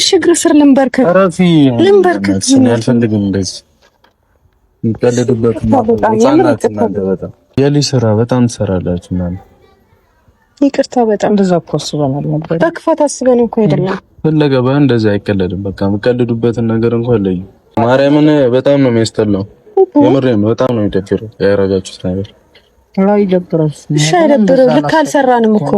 እሺ እግር ስር ልንበርክ ልንበርክ ስራ በጣም ትሰራላችሁ ምናምን። ይቅርታ በጣም እንደዛ እኮ አስበናል ነበር። በክፋት አስበን እኮ አይደለም ፈለገ ባ እንደዚህ አይቀለድም። በቃ የምቀልዱበትን ነገር እንኳን ለዩ። ማርያምን በጣም ነው የሚያስጠላው። የምሬን በጣም ነው የሚደብረው ያደረጋችሁት ነገር ላይ እሺ አይደብርም። ልክ አልሰራንም እኮ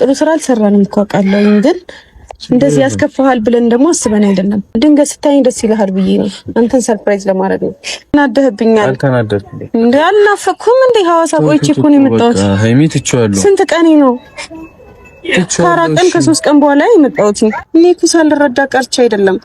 ጥሩ ስራ አልሰራንም እኮ አውቃለሁ ግን እንደዚህ ያስከፋሃል ብለን ደግሞ አስበን አይደለም። ድንገት ስታይኝ ደስ ይልሃል ብዬ ነው አንተን ሰርፕራይዝ ለማድረግ ነው። እናደህብኛል። አልናፈኩም እንዴ? ሐዋሳ ቆይቼ እኮ ነው የመጣሁት። ስንት ቀኔ ነው? ከአራት ቀን ከሶስት ቀን በኋላ የመጣሁት እኔ እኮ ሳልረዳ ቀርቼ አይደለም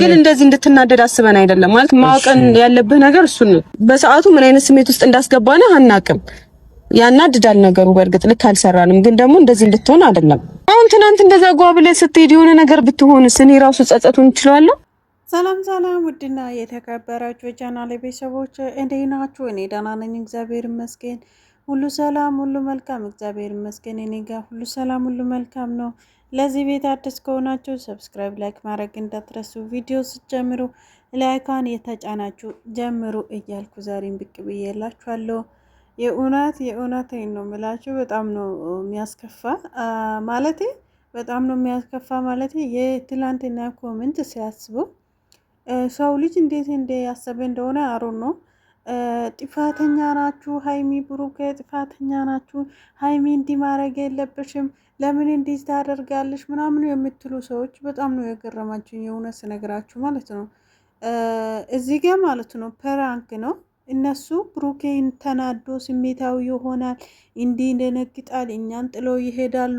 ግን እንደዚህ እንድትናደድ አስበን አይደለም። ማለት ማወቀን ያለብህ ነገር እሱን ነው። በሰዓቱ ምን አይነት ስሜት ውስጥ እንዳስገባነህ አናቅም። ያናድዳል ነገሩ። በእርግጥ ልክ አልሰራንም፣ ግን ደግሞ እንደዚህ እንድትሆን አይደለም። አሁን ትናንት እንደዛ ጓ ብለህ ስትሄድ የሆነ ነገር ብትሆንስ እኔ ራሱ ጸጸቱን እችላለሁ። ሰላም ሰላም፣ ውድና የተከበራችሁ የቻናሌ ቤተሰቦች እንዴት ናችሁ? እኔ ደህና ነኝ፣ እግዚአብሔር ይመስገን። ሁሉ ሰላም፣ ሁሉ መልካም፣ እግዚአብሔር ይመስገን። እኔ ጋር ሁሉ ሰላም፣ ሁሉ መልካም ነው። ለዚህ ቤት አዲስ ከሆናችሁ ሰብስክራይብ፣ ላይክ ማድረግ እንዳትረሱ። ቪዲዮ ስትጀምሩ ላይካን የተጫናችሁ ጀምሩ እያልኩ ዛሬን ብቅ ብዬላችኋለሁ። የእውነት የእውነቴን ነው የምላችሁ። በጣም ነው የሚያስከፋ ማለቴ በጣም ነው የሚያስከፋ ማለት የትላንትና ኮመንት ሲያስቡ ሰው ልጅ እንዴት እንደ ያሰበ እንደሆነ አሮ ነው። ጥፋተኛ ናችሁ ሀይሚ ብሩኬ፣ ጥፋተኛ ናችሁ ሀይሚ፣ እንዲህ ማድረግ የለብሽም ለምን እንዲህ ታደርጋለሽ ምናምኑ የምትሉ ሰዎች በጣም ነው የገረማችሁ የእውነት ስነግራችሁ ማለት ነው። እዚህ ጋ ማለት ነው ፕራንክ ነው እነሱ ብሩኬን ተናዶ ስሜታዊ ይሆናል፣ እንዲህ ይደነግጣል፣ እኛን ጥሎ ይሄዳሉ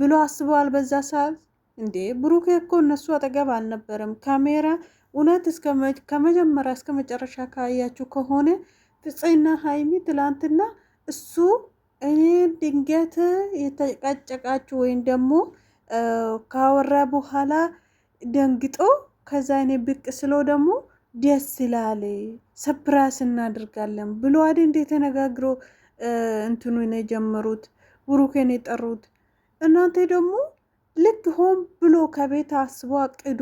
ብሎ አስበዋል። በዛ ሰዓት እንዴ ብሩኬ እኮ እነሱ አጠገብ አልነበረም። ካሜራ እውነት ከመጀመሪያ እስከ መጨረሻ ካያችሁ ከሆነ ፍፄና ሀይሚ ትላንትና እሱ እኔ ድንገት የተጨቃጨቃችሁ ወይም ደግሞ ካወራ በኋላ ደንግጦ ከዛ እኔ ብቅ ስለው ደግሞ ደስ ይላል፣ ሰፕራይዝ እናደርጋለን ብሎ አይደል እንደ ተነጋግሮ እንትኑን የጀመሩት ብሩኬን የጠሩት። እናንተ ደግሞ ልክ ሆን ብሎ ከቤት አስቦ አቅዶ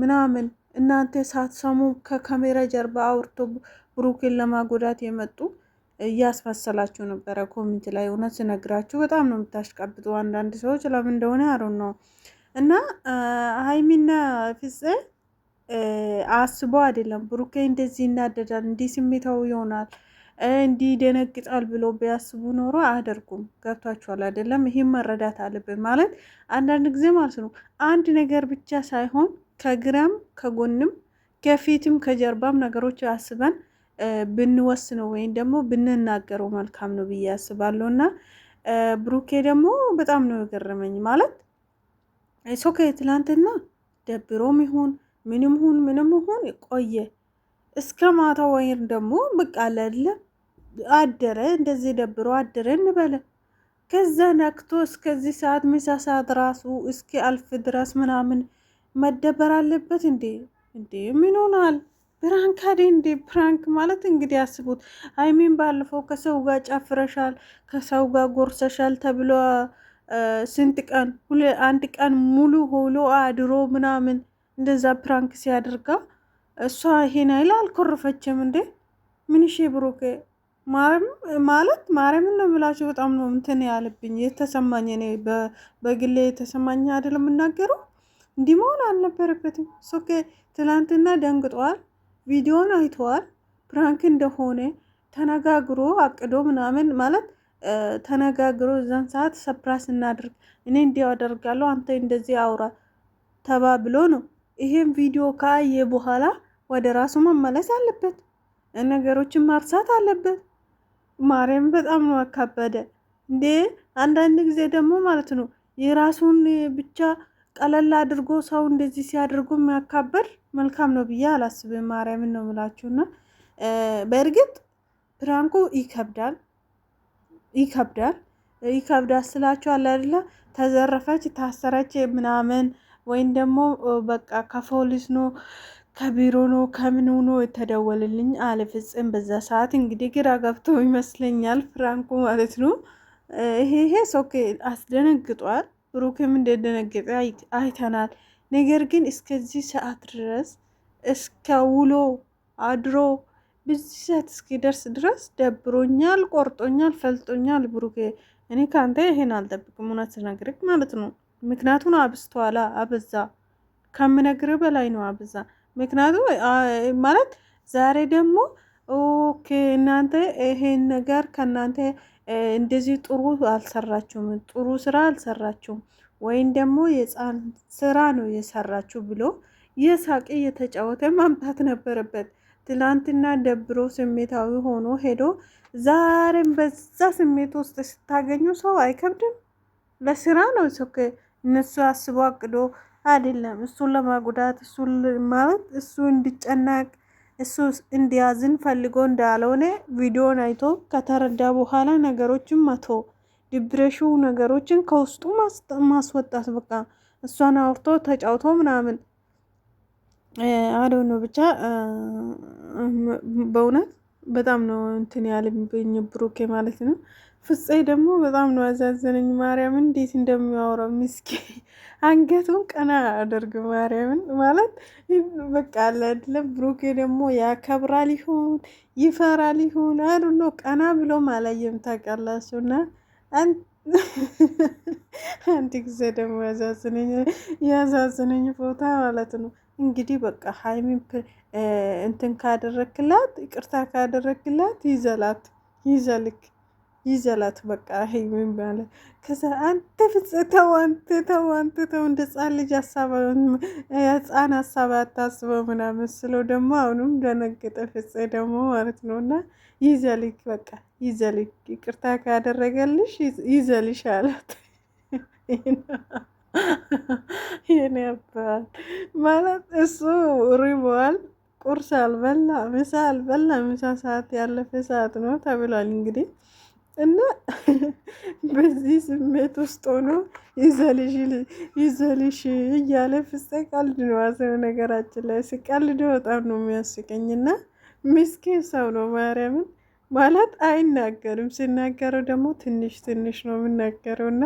ምናምን እናንተ ሳትሰሙ ከካሜራ ጀርባ አውርቶ ብሩኬን ለማጎዳት የመጡ እያስመሰላችሁ ነበረ። ኮሚንት ላይ እውነት ስነግራችሁ በጣም ነው የምታሽቀብጡ አንዳንድ ሰዎች፣ ለምን እንደሆነ አሮ ነው እና ሀይሚና ፍፄ አስቦ አይደለም ብሩኬ እንደዚህ ይናደዳል፣ እንዲህ ስሜታዊ ይሆናል፣ እንዲህ ደነግጣል ብሎ ቢያስቡ ኖሮ አያደርጉም። ገብቷችኋል አይደለም? ይህም መረዳት አለብን ማለት አንዳንድ ጊዜ ማለት ነው አንድ ነገር ብቻ ሳይሆን ከግራም ከጎንም ከፊትም ከጀርባም ነገሮች አስበን ብንወስነው ወይም ደግሞ ብንናገረው መልካም ነው ብዬ አስባለሁ። እና ብሩኬ ደግሞ በጣም ነው የገረመኝ ማለት ሶከ ትላንትና ደብሮም ይሁን ምንም ሁን ምንም ሁን ቆየ እስከ ማታ ወይም ደግሞ ብቅ አለለ አደረ እንደዚህ ደብሮ አደረ እንበለ ከዛ ነክቶ እስከዚህ ሰዓት ምሳ ሰዓት ራሱ እስኪ አልፍ ድረስ ምናምን መደበር አለበት እንዴ? እንዴ ምን ሆናል? ፕራንክ አዴ እንዴ? ፕራንክ ማለት እንግዲህ አስቡት። ሀይሚን ባለፈው ከሰው ጋር ጨፍረሻል፣ ከሰው ጋር ጎርሰሻል ተብሎ ስንት ቀን አንድ ቀን ሙሉ ሆሎ አድሮ ምናምን እንደዛ ፕራንክ ሲያደርጋ እሷ ይሄን አይል አልኮረፈችም እንዴ? ምንሽ ብሩክ ማለት ማርያምን ነው የምላቸው። በጣም ነው እንትን ያለብኝ የተሰማኝ እኔ በግሌ የተሰማኝ አይደል የምናገረው። እንዲህ መሆን አልነበረበትም። ሶኬ ትላንትና ደንግጧል፣ ቪዲዮን አይተዋል። ፕራንክ እንደሆነ ተነጋግሮ አቅዶ ምናምን ማለት ተነጋግሮ እዛን ሰዓት ሰፕራስ እናድርግ፣ እኔ እንዲያው አደርጋለሁ፣ አንተ እንደዚህ አውራ ተባብሎ ነው ይሄን ቪዲዮ ካየ በኋላ ወደ ራሱ መመለስ አለበት፣ ነገሮችን ማርሳት አለበት። ማርያም በጣም ነው አካበደ እንዴ! አንዳንድ ጊዜ ደግሞ ማለት ነው የራሱን ብቻ ቀለል አድርጎ ሰው እንደዚህ ሲያደርጉ የሚያካበድ መልካም ነው ብዬ አላስብም። ማርያምን ነው ምላችሁና በእርግጥ ፕራንኩ ይከብዳል ይከብዳል ይከብዳል ስላችሁ አለ አይደለ? ተዘረፈች፣ ታሰረች ምናምን ወይም ደግሞ በቃ ከፖሊስ ነው ከቢሮ ነው ከምኑ ነው የተደወልልኝ አለ ፍጽም። በዛ ሰዓት እንግዲህ ግራ ገብቶ ይመስለኛል ፍራንኩ ማለት ነው። ይሄ ይሄ ሶኬ አስደነግጧል። ብሩክም እንደደነገጠ አይተናል። ነገር ግን እስከዚህ ሰዓት ድረስ እስከ ውሎ አድሮ በዚህ ሰዓት እስኪደርስ ድረስ ደብሮኛል፣ ቆርጦኛል፣ ፈልጦኛል። ብሩኬ እኔ ከአንተ ይሄን አልጠብቅም እውነት ስነግርህ ማለት ነው። ምክንያቱን አብስቷላ አበዛ ከምነግር በላይ ነው አብዛ። ምክንያቱ ማለት ዛሬ ደግሞ ኦኬ እናንተ ይሄን ነገር ከእናንተ እንደዚህ ጥሩ አልሰራችሁም፣ ጥሩ ስራ አልሰራችሁም ወይም ደግሞ የፃን ስራ ነው የሰራችሁ ብሎ የሳቂ የተጫወተ ማምጣት ነበረበት። ትላንትና ደብሮ ስሜታዊ ሆኖ ሄዶ ዛሬም በዛ ስሜት ውስጥ ስታገኙ ሰው አይከብድም። ለስራ ነው እነሱ አስቦ አቅዶ አይደለም እሱን ለማጉዳት እሱን ማለት እሱ እንዲጨናቅ እሱ እንዲያዝን ፈልጎ እንዳልሆነ ቪዲዮን አይቶ ከተረዳ በኋላ ነገሮችን መቶ ድብረሹ ነገሮችን ከውስጡ ማስወጣት በቃ እሷን አውርቶ ተጫውቶ ምናምን አዶ ብቻ በእውነት በጣም ነው እንትን ያለብኝ ብሩኬ ማለት ነው። ፍፄ ደግሞ በጣም ነው ያዛዘነኝ። ማርያም እንዴት እንደሚያወራው ምስኪ አንገቱን ቀና አደርግ ማርያምን ማለት በቃ ለድለም። ብሩኬ ደግሞ ያከብራ ይሁን ይፈራ ይሁን አሉ ነው ቀና ብሎ አላየም ታውቃላችሁ። እና አንድ ጊዜ ደግሞ ያዛዘነኝ ቦታ ማለት ነው እንግዲህ በቃ ሀይሚን እንትን ካደረክላት ይቅርታ ካደረክላት ይዘላት ይዘልክ ይዘላት በቃ ይሄ ምን ባለ ከዛ አንተ ፍጽተው አንተ ተው አንተ ተው እንደ ህጻን ልጅ ሀሳብ ህጻን ሀሳብ አታስበው ምናምን ስለው ደግሞ አሁንም ደነገጠ። ፍጽ ደግሞ ማለት ነው እና ይዘልክ በቃ ይዘልክ ይቅርታ ካደረገልሽ ይዘልሽ አላት። የኔ ያባል ማለት እሱ ሪበዋል። ቁርስ አልበላ ምሳ አልበላ ምሳ ሰዓት ያለፈ ሰዓት ነው ተብሏል እንግዲህ እና በዚህ ስሜት ውስጥ ሆኖ ይዘልሽ ይዘልሽ እያለ ፍፄ ቀልድ ነው አዘነ። ነገራችን ላይ ሲቀልድ በጣም ነው የሚያስቀኝ። እና ምስኪን ሰው ነው ማርያምን ማለት አይናገርም። ሲናገረው ደግሞ ትንሽ ትንሽ ነው የምናገረው። እና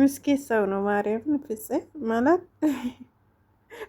ምስኪን ሰው ነው ማርያምን ፍፄ ማለት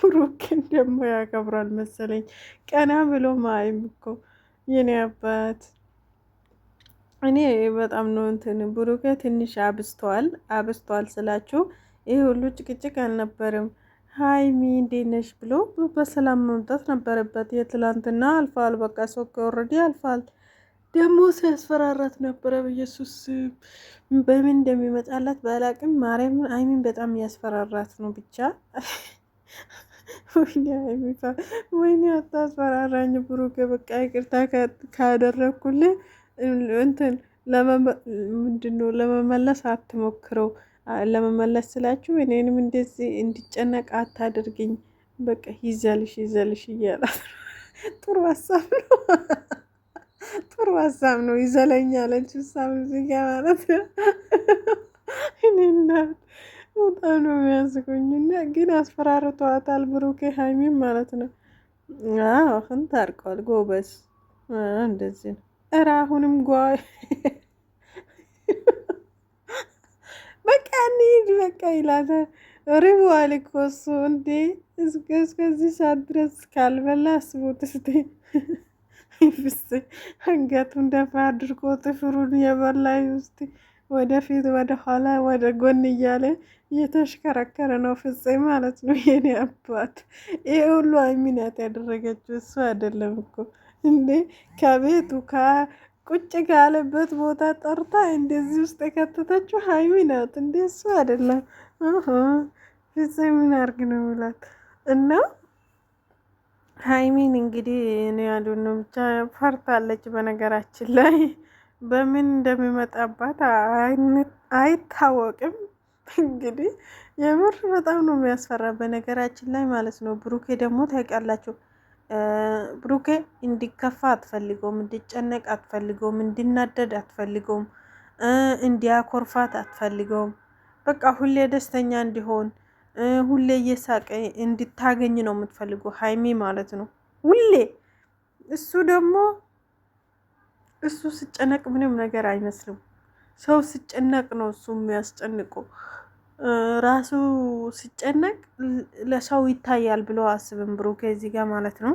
ብሩክን ደግሞ ያከብራል መሰለኝ። ቀና ብሎ ማይም እኮ የኔ አባት እኔ በጣም ነው እንትን ብሩኬ ትንሽ አብስተዋል። አብስተዋል ስላችሁ ይህ ሁሉ ጭቅጭቅ አልነበርም። ሀይሚ እንዴት ነሽ ብሎ በሰላም መምጣት ነበረበት። የትላንትና አልፋል፣ በቃ ሶከ ወረዲ አልፋል። ደግሞ ሲያስፈራራት ነበረ። በኢየሱስ በምን እንደሚመጣላት በላቅም ማርያም ሀይሚን በጣም ያስፈራራት ነው ብቻ ወይኔ አታስፈራራኝ ብሩኬ፣ በቃ ይቅርታ ካደረግኩልህ እንትን ምንድነው ለመመለስ አትሞክረው። ለመመለስ ስላችሁ እኔንም እንደዚህ እንዲጨነቅ አታደርግኝ። በቃ ይዘልሽ ይዘልሽ እያላት ጥሩ ሀሳብ ነው። ጥሩ ሀሳብ ነው። ይዘለኛለች ሀሳብ ዝጋ ማለት እኔና በጣም ነው የሚያስቆኝ። እና ግን አስፈራርተዋታል ብሩኬ ሀይሚም ማለት ነው። አሁን ታርቀዋል። ጎበዝ እንደዚህ ነው። እረ አሁንም ጓይ በቃ እንሂድ በቃ ይላታል። ርቦዋል እኮ እሱ እንዴ እስከዚህ ሰዓት ድረስ ካልበላ አስቦት እስቲ ይፍስ አንገቱን ደፋ አድርጎ ጥፍሩን የበላ ውስጥ ወደፊት ወደኋላ ወደ ጎን እያለ እየተሽከረከረ ነው ፍፄ ማለት ነው። የኔ አባት ይሄ ሁሉ አይሚናት ያደረገችው እሱ አይደለም እኮ እንዴ ከቤቱ ቁጭ ካለበት ቦታ ጠርታ እንደዚህ ውስጥ የከተተችው ሀይሚ ናት። እንደ እሱ አይደለም ፍጽ ምን አርግ ነው ብላት እና ሀይሚን እንግዲህ ነው ያሉ ብቻ ፈርታለች። በነገራችን ላይ በምን እንደሚመጣባት አይታወቅም። እንግዲህ የምር በጣም ነው የሚያስፈራ በነገራችን ላይ ማለት ነው። ብሩኬ ደግሞ ታውቃላችሁ ብሩኬ እንዲከፋ አትፈልገውም፣ እንዲጨነቅ አትፈልገውም፣ እንዲናደድ አትፈልገውም፣ እንዲያኮርፋት አትፈልገውም። በቃ ሁሌ ደስተኛ እንዲሆን ሁሌ እየሳቀ እንድታገኝ ነው የምትፈልገው ሀይሚ ማለት ነው። ሁሌ እሱ ደግሞ እሱ ስጨነቅ ምንም ነገር አይመስልም። ሰው ስጨነቅ ነው እሱ የሚያስጨንቀው። ራሱ ሲጨነቅ ለሰው ይታያል ብሎ አስብም ብሩኬ እዚህ ጋር ማለት ነው።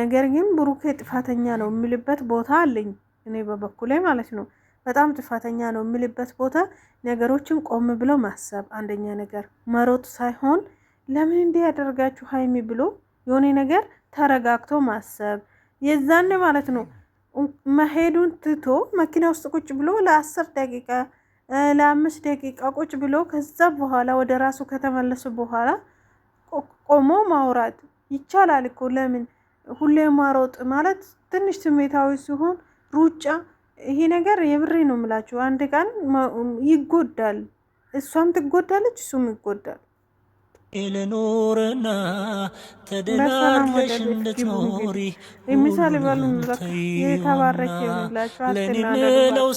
ነገር ግን ብሩኬ ጥፋተኛ ነው የሚልበት ቦታ አለኝ እኔ በበኩሌ ማለት ነው። በጣም ጥፋተኛ ነው የሚልበት ቦታ ነገሮችን ቆም ብሎ ማሰብ፣ አንደኛ ነገር መሮጥ ሳይሆን ለምን እንዲህ ያደርጋችሁ ሀይሚ ብሎ የሆነ ነገር ተረጋግቶ ማሰብ የዛኔ ማለት ነው መሄዱን ትቶ መኪና ውስጥ ቁጭ ብሎ ለአስር ደቂቃ ለአምስት ደቂቃ ቁጭ ብሎ ከዛ በኋላ ወደ ራሱ ከተመለሱ በኋላ ቆሞ ማውራት ይቻላል እኮ። ለምን ሁሌ ማሮጥ ማለት ትንሽ ስሜታዊ ሲሆን ሩጫ ይሄ ነገር የብሬ ነው የምላችሁ። አንድ ቀን ይጎዳል፣ እሷም ትጎዳለች፣ እሱም ይጎዳል። ልኖርና ተደጋግለሽ እንድትኖሪ የሚሳል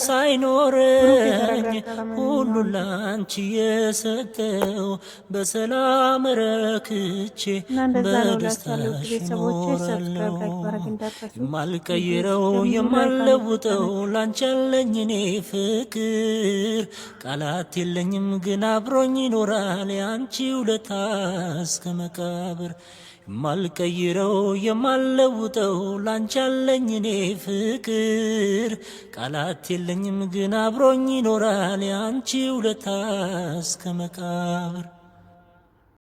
ሳይኖረኝ ሁሉ ላንቺ የሰጠው በሰላም ረክቼ በደስታሽ ኖራለሁ። የማልቀይረው የማልለውጠው ላንቺ ያለኝ እኔ ፍቅር ቃላት የለኝም፣ ግን አብሮኝ ይኖራል የአንቺ ውለታ እስከ መቃብር የማልቀይረው የማልለውጠው ላንቺ ያለኝ እኔ ፍቅር ቃላት የለኝም ግን አብሮኝ ይኖራል ያንቺ ውለታ እስከ መቃብር